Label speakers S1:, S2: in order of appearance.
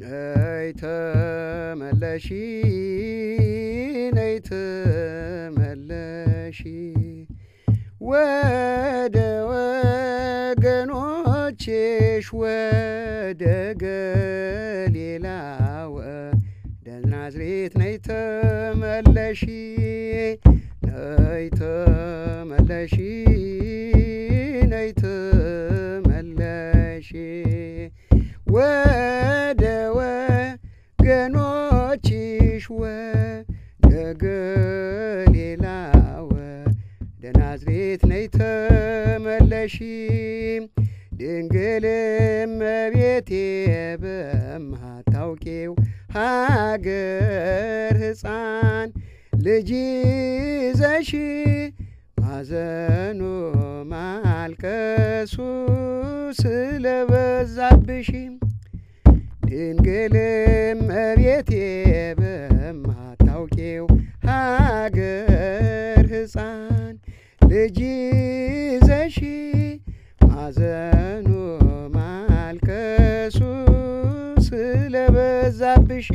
S1: ነይ ተመለሺ ነይ ተመለሺ ወደ ወገኖችሽ ወደ ገሊላ ወደ ናዝሬት ነይ ተመለሺ ነይ ተመለሺ ነይ ተመለሺ ወዳጆችሽ ወደ ገሊላ ወደ ናዝሬት ነይ ተመለሺ። ድንግል እመቤቴ በማታውቂው ሀገር ሕፃን ልጅ ይዘሽ ማዘኑ ማልቀሱ ስለበዛብሽም ድንግልም እቤቴ በማታውቂው ሀገር ሕፃን ልጅ ይዘሽ ማዘኑ ማልከሱ ስለበዛብሽ